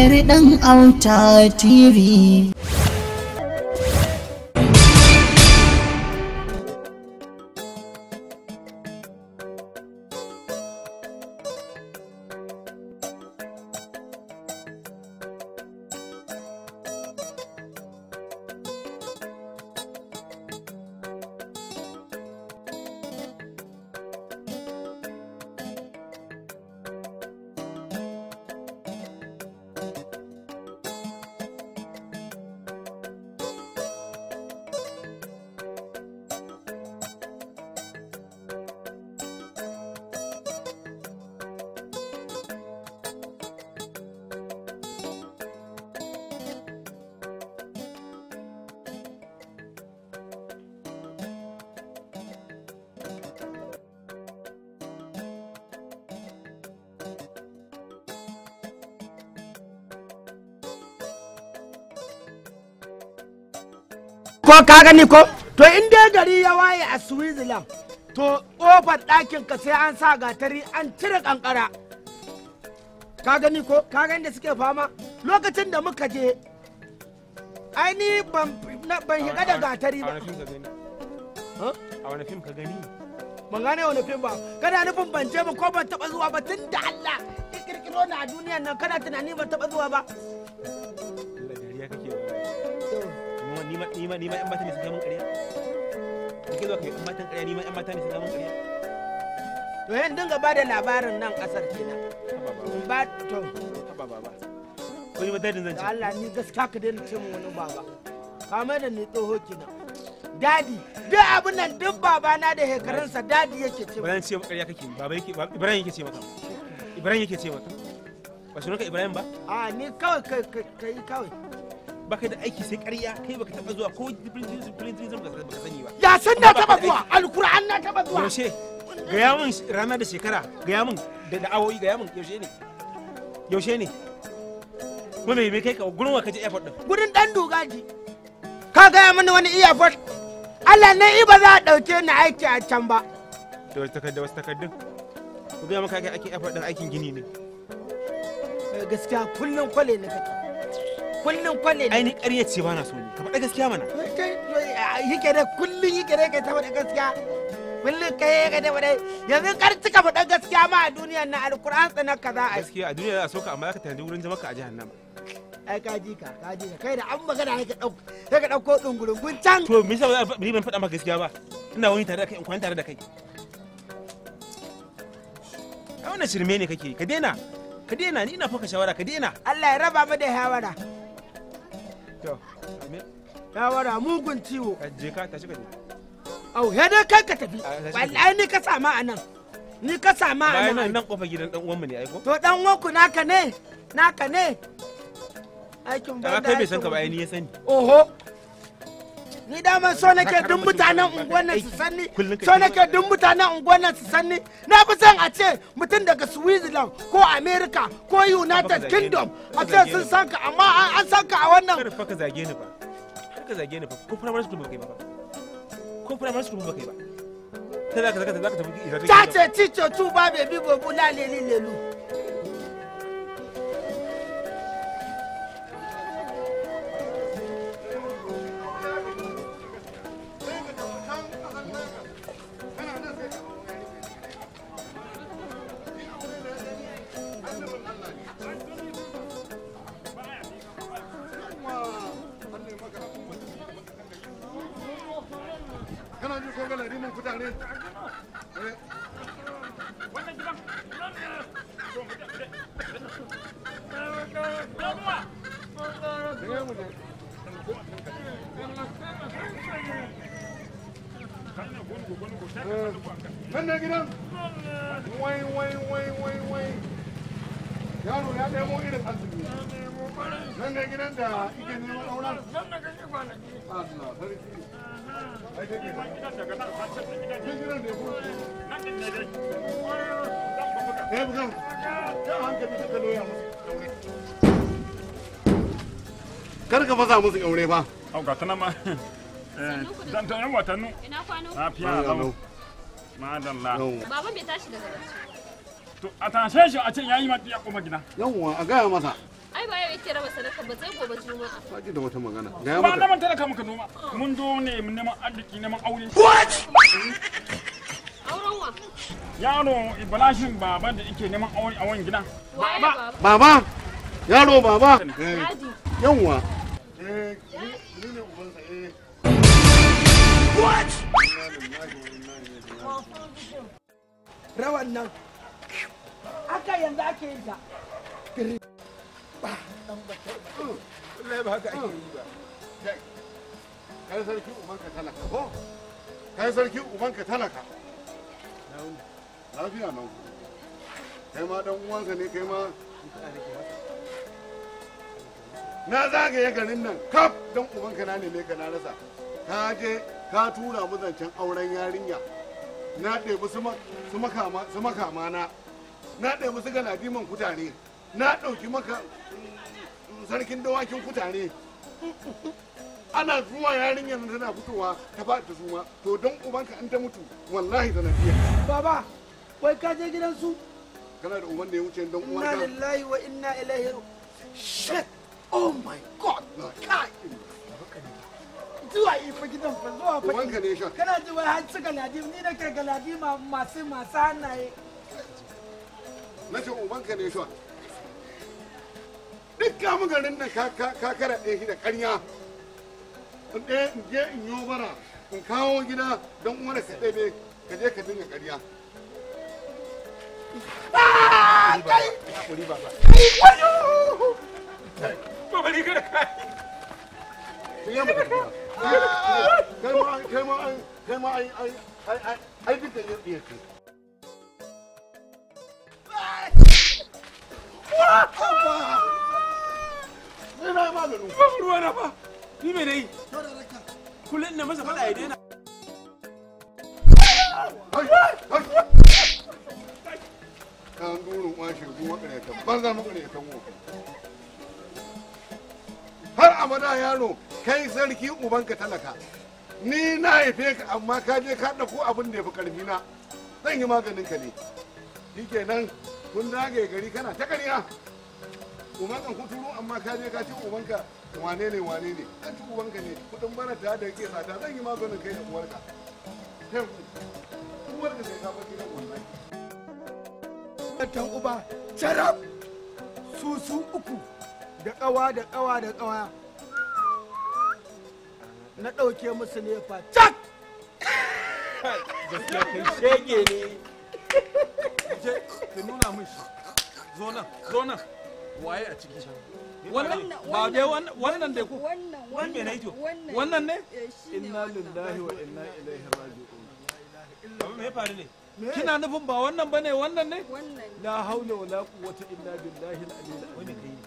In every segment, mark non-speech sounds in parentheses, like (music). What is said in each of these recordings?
tahir dan auta tv ko ka gani ko to in dai gari ya waye a switzerland to kofar ɗakin ka sai an sa gatari an cire kankara ka gani ko ka gani da suke fama lokacin da muka je ai ni ban shiga da gatari ba a wani fim ka gani ban gane wani fim ba kana nufin ban je ba ko ban taba zuwa ba tun da Allah kirkiro na a duniyan nan kana tunani ban taba zuwa ba nima nima yan mata ne ƙarya kai matan ƙarya nima yan mata ne ƙarya to yan dinga ba da labarin nan ƙasar kenan ba to ba ba ba wani madadin Allah ni gaskiya ka daina ce wani baba ka mai da ni tsoho kenan dadi duk abin nan duk babana da hekarinsa dadi yake ce ba ce ƙarya kake baba yake ibrahim yake ce maka ibrahim yake ce maka ba ka ibrahim ba a ni kawai kai kai kawai baka da aiki sai ƙarya kai baka taba zuwa ko disciplinism baka sani ba ya san na taba zuwa alkur'an na taba zuwa yaushe gaya min rana da shekara gaya min da da'awoyi gaya min yaushe ne yaushe ne ko me kai ka gurin wa kaje airport din gurin dan dogaji ka ga gaya mana wani airport Allah na iba za a dauke ni aiki a can ba da wasu takardun wasu takardun ku ga maka kai aiki airport din aikin gini ne eh, gaskiya kullum kwale ne kake kullum fa ne ai ni ƙarya ce ba na so ka faɗa gaskiya mana eh, yake da kullum yake da kai ta faɗa gaskiya kullum kai yake da faɗa yanzu kar cika faɗa gaskiya ma a duniyar na alkur'an tsanar ka za a yi gaskiya a duniyar za a soka amma ka tanadi wurin jama'a a jahannama ai ka ji ka ka ji ka kai da an magana sai ka dauko sai ka dauko dungurungun can to me yasa ba ni ban faɗa maka gaskiya ba ina wani tare da kai in kwana tare da kai ai wannan shirme ne kake ka daina ka daina ni ina faka shawara ka daina Allah ya raba mu da shawara to ya wara mugun ciwo je ka tashi ka je au dai kai ka tafi wallahi ni ka sama a nan ni ka sama a nan nan kofa gidan dan uwanmu ne aiko to uwanku naka ne naka ne aikin ba da kai bai san ka ba ni ya sani oho ni dama so nake dun mutanen unguwar nan su sanni so nake dun mutanen unguwar nan su sanni na fi son a ce mutum daga switzerland ko america ko united kingdom a ce sun san ka amma an san ka a wannan kar fa ka zage ni ba ka zage ni ba ko primary school ba kai ba ko primary school ba kai ba ta za ka za ka tafi ta ce cice tu ba bebi bobu lalele lelu ko ga larimin eh. eh. wannan gidan nan ne to mu Wai, wai, wai, wai, ya nemo irin azumi. Nan ne da ike neman auren? kar ka fasa musu aure ba au ga tana ma (laughs) eh, dan ta yan watannu ina kwano lafiya dan la baba bai tashi daga to a tashe shi a ce yayi ma ya koma gida yawwa a ga masa ai ba yau yake sadaka ba gobe juma'a ba da wata magana ga ya maka ba na talaka maka noma mun zo ne mun neman arziki neman aure what auren yaro baba da yake neman aure a wani gida baba baba yaro baba yawwa eh what rawan nan aka yanzu ake ba nan ba ta ba wallahi ba haka ake yi ba kai sarki ubanka talaka ko kai sarki ubanka talaka lafiya nan ku kai ma dan uwansa ne kai ma na zagaye garin nan kaf dan ubanka na neme ka na rasa ka je ka tura mu zancen auren yarinya na ɗebi su makama na na ɗebi su galadiman kutare na ɗauki maka sarkin dawakin kutare ana zuwa yarinyar tana fitowa ta ba ta zuwa to don ubanka an ta mutu wallahi da nafiya baba wai ka je gidan su kana da uban da ya wuce don uwanka inna lillahi wa inna ilaihi shit oh my god kai zuwa ifa gidan fa zuwa fa ubanka ne sha kana ji wai har su galadi ni na kai galadi masu masu hannaye na ce ubanka ne sha duk kamun garin nan ka kara ɗaya shi da ƙarya in ɗaya in je in yi bara in kawo gida don uwar ka ɗebe ka je ka dinga ƙarya kai lulu ruwa na ni me kullun na masa fada ya daina kan kwashe banza mu mu har abada yaro kai sarki ubanka talaka ni na haife ka amma ka je ka ɗauko abin da ya fi ƙarfi na zan yi maganin ka ne shikenan kun dagaye gari kana ta ƙarya uban kan kuturu amma ka je ka ce ubanka wane ne wane ne an ci ubanka ne kudin ta da yake sata zan yi maganin kai da uwarka kai uwarka sai ka baki da wallahi matan uba carab su su uku da kawa da kawa da kawa na ɗauke musu ne fa cak shege ne je (laughs) ka nuna mishi zo nan zo nan waye a ciki wannan ba dai wannan dai ku wannan ne wannan ne eh, inna lillahi wa inna ilaihi raji'un amma me faru ne kina nufin ba wannan bane wannan ne la haula wala quwwata illa billahi al-aliyyil azim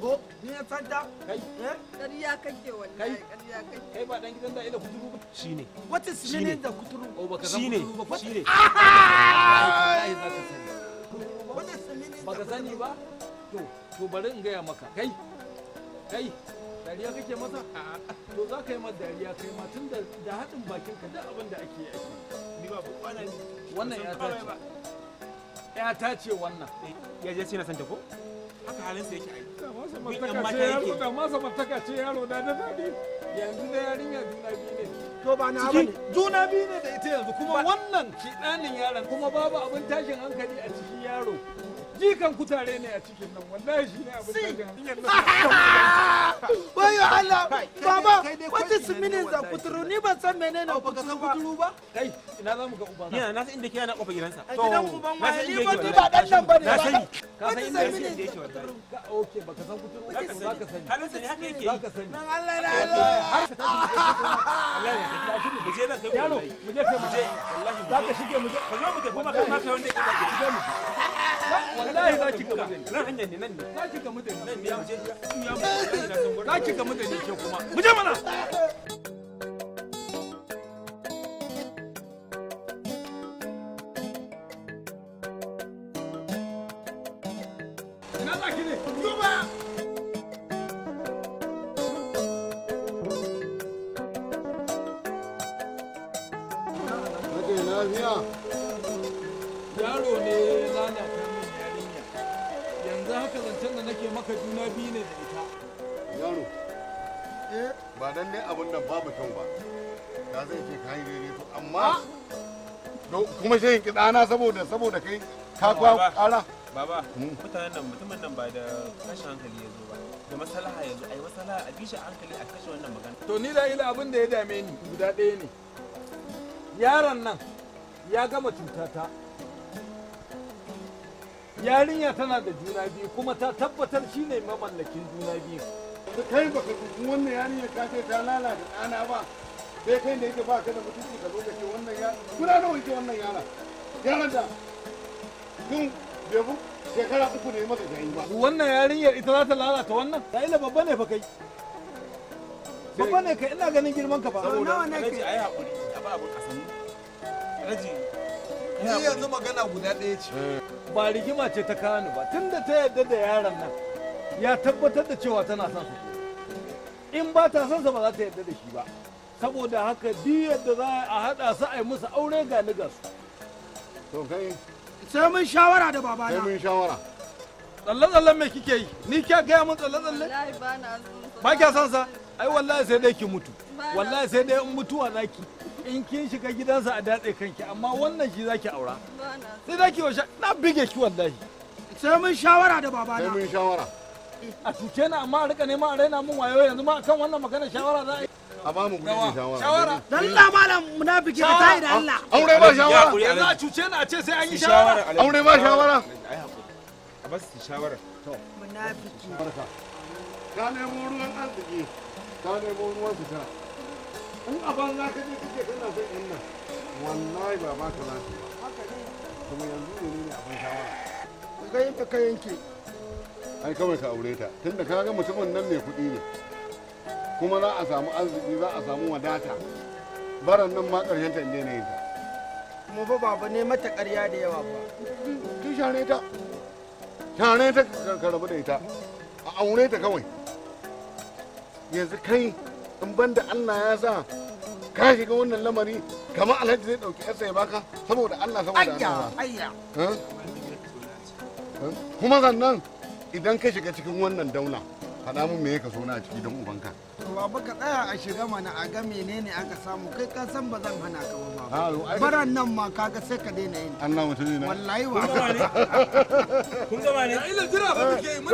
to ni ya fada kai eh? ya kake wallahi ya kake kai ba dan gidan da ila kuturu shine what is shine da kuturu o oh, baka san kuturu ba shine ba ka sani ba to to bari in gaya maka kai kai dariya kake mata to za ka yi mata dariya kai ma tun da haɗin bakin duk abin da ake yi ni ba ne wannan ya ta ce ya ta ce wannan eh, ya je sai na san ta ko haka halin yake kuma babu abin tashin hankali a cikin yaro jikan kutare ne a cikin nan wallahi shi ne abin da (laughs) wayo Allah baba what is meaning za kuturu ni ban san menene ba ka san kuturu ba kai ina za mu ga uba na na san inda ke yana kofa gidansa to na san inda yake ba dan nan bane na sani ka san inda yake okay baka san kuturu ba ka sani halin sa haka yake ka sani nan Allah la Allah Allah ya tafi mu je nan kai mu je kai mu je wallahi za ka shige mu je ka zo mu tafi ma kai ma kai wanda yake mu wallahi za ki ga mutane nan hanyar ne nan ne za ki ga mutane nan ne ya ki ga mutane ke kuma muje mana guda ne da ita yaro eh? ba dan ne abin da babu kyau ba da zai ce kai rere to amma ah! kuma shi ki dana saboda saboda kai ka kwa kara baba hmm. mutanen nan mutumin nan ba da kashin hankali ya zo ba da masalaha yanzu ai masalaha a bisha hankali a kashe wannan magana to ni da ila abin da ya dame ni guda ɗaya ne yaron nan ya gama cutata yarinya tana da juna biyu kuma ta tabbatar shi ne mamallakin juna biyu da kai baka dubi wannan yarinya ta ce ta lalata ɗana ba sai kai ne yake ba ka da mutunci ka zo da ke wannan yara kuna nawa wanke wannan yara yaran da tun bebu shekara uku ne maka gani ba wannan yarinyar ita za ta lalata wannan ta babba ne fa kai babba ne ka ina ganin girman ka ba nawa ne a ai hakuri a ba abun kasani raji ni yanzu magana guda ɗaya ce eh. ba rigima ce ta kawo ni ba tunda ta yarda da yaron nan ya tabbatar da cewa tana son sa in ba ta son sa ba za ta yarda da shi ba saboda haka duk yadda za a haɗa su a yi musu aure ga ni ga su to kai sai mun shawara da babana sai mun shawara tsalle-tsallen me kike yi ni kya gaya mun tsalle-tsalle ba kya son sa ai wallahi sai dai ki mutu wallahi sai dai in mutuwa naki in kin shiga gidansa a datse kanki amma wannan shi zaki aura sai zaki wa na bige ki wallahi sai mun shawara da babana sai mun shawara a cuce ni amma a rika neman a raina mun wayo yanzu ma akan wannan magana shawara za a yi a ba mu gudun shawara dan Allah malam munafiki ka tayi da Allah aure ba shawara yanzu a cuce ni a ce sai an yi shawara aure ba shawara a ba su shawara to munafiki ka nemo ruwan arziki ka nemo ruwan fita in a banza ka je kake kana son yan nan wallahi ba ba ka za ta kuma yanzu ne ne abin shawara ga yadda ka yanke ai kawai ka aure ta tunda ka ga mutumin nan mai kuɗi ne kuma za a samu arziki za a samu wadata baran nan ma ƙarshen ta inda yin ta kuma fa baba ne mata ƙarya da yawa ba tun share ta share ta ka rabu da ita a aure ta kawai yanzu kai in banda Allah ya sa ka shiga wannan lamari kamar alhaji zai dauki yarsa ya baka saboda Allah saboda Allah ayya kuma sannan idan ka shiga cikin wannan daula faɗa mun me ka so na ciki don ubanka to abu ka tsaya a shiga mana a ga menene aka samu kai ka san ba zan hana ka ba ah, baran nan ma kaga sai ka daina yin Allah mutum ne wallahi wa kun gama ne ila jira ba kike mun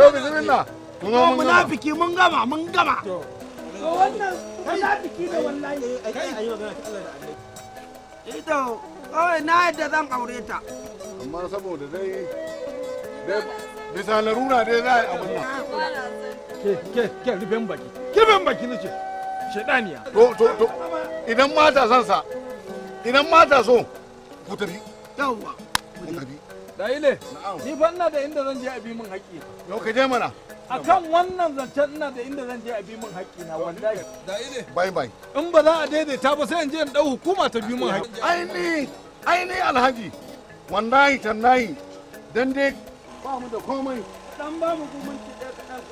gama mun gama mun gama to wannan wallahi eh, eh, ai magana Allah da eh, kawai na yadda zan aure ta amma saboda dai dai bisa larura dai za a abin nan ah, ke ke ke baki rufen baki nace shedaniya to to to idan mata son sa idan mata so ku tafi yawwa ku tafi ni fa da inda zan je a bi min haƙƙi yau ka je mana akan wannan zancen ina da inda zan je a bi min haƙƙi na wallahi bye bye in ba za a daidaita ba sai in je in dau hukuma ta bi min haƙƙi aini aini alhaji wallahi tallahi dan dai ba mu da komai dan ba mu gumin ki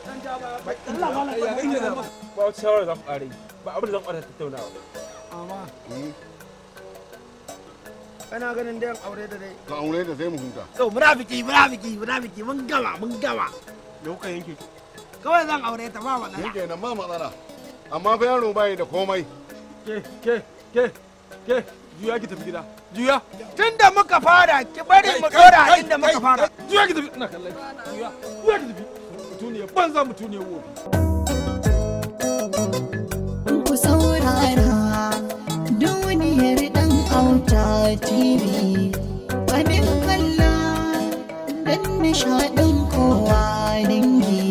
dan ja ba Allah malaka ba wata shawara zan ƙare ba abin da zan fara tattaunawa amma eh. kana ganin dai aure da dai ka aure da sai mu hunta to munafiki munafiki munafiki mun gama mun gama da yanke kawai zan aure ta ba matsala shi nan ba matsala amma fa yaro bai da komai ke ke ke ke juya ki tafi gida juya tunda muka fara ki bari mu dora inda muka fara juya ki tafi ina kallon juya juya ki tafi mutuniya banza mutuniya wofi ku saurara duniyar dan auta tv wani kallon dan nishaɗin kowa dangi